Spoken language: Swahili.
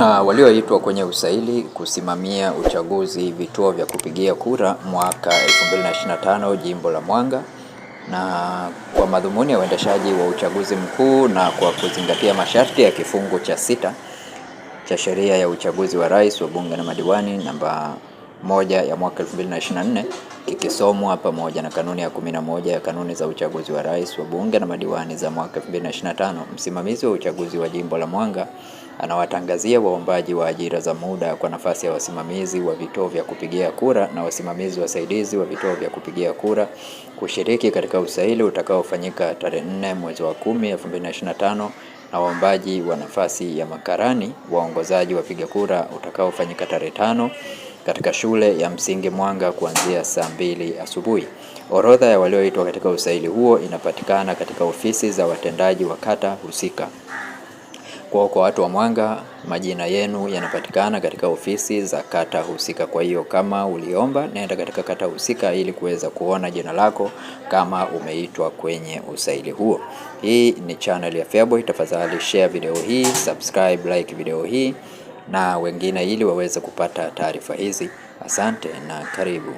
Ah, walioitwa kwenye usaili kusimamia uchaguzi vituo vya kupigia kura mwaka 2025 jimbo la Mwanga na kwa madhumuni ya uendeshaji wa uchaguzi mkuu na kwa kuzingatia masharti ya kifungu cha sita cha sheria ya uchaguzi wa rais, wa bunge na madiwani namba moja ya mwaka 2024 kikisomwa pamoja na kanuni ya 11 ya kanuni za uchaguzi wa rais, wa bunge na madiwani za mwaka 2025, msimamizi wa uchaguzi wa jimbo la Mwanga anawatangazia waombaji wa ajira za muda kwa nafasi ya wasimamizi wa vituo vya kupigia kura na wasimamizi wasaidizi wa vituo vya kupigia kura kushiriki katika usaili utakaofanyika tarehe 4 mwezi wa 10 2025 na waombaji wa nafasi ya makarani waongozaji wapiga kura utakaofanyika tarehe tano katika shule ya msingi Mwanga kuanzia saa mbili asubuhi. Orodha ya walioitwa katika usaili huo inapatikana katika ofisi za watendaji wa kata husika. Kwa kwa watu wa Mwanga, majina yenu yanapatikana katika ofisi za kata husika. Kwa hiyo kama uliomba, nenda katika kata husika ili kuweza kuona jina lako kama umeitwa kwenye usaili huo. Hii ni channel ya Feaboy. Tafadhali share video hii, subscribe, like video hii na wengine ili waweze kupata taarifa hizi. Asante na karibu.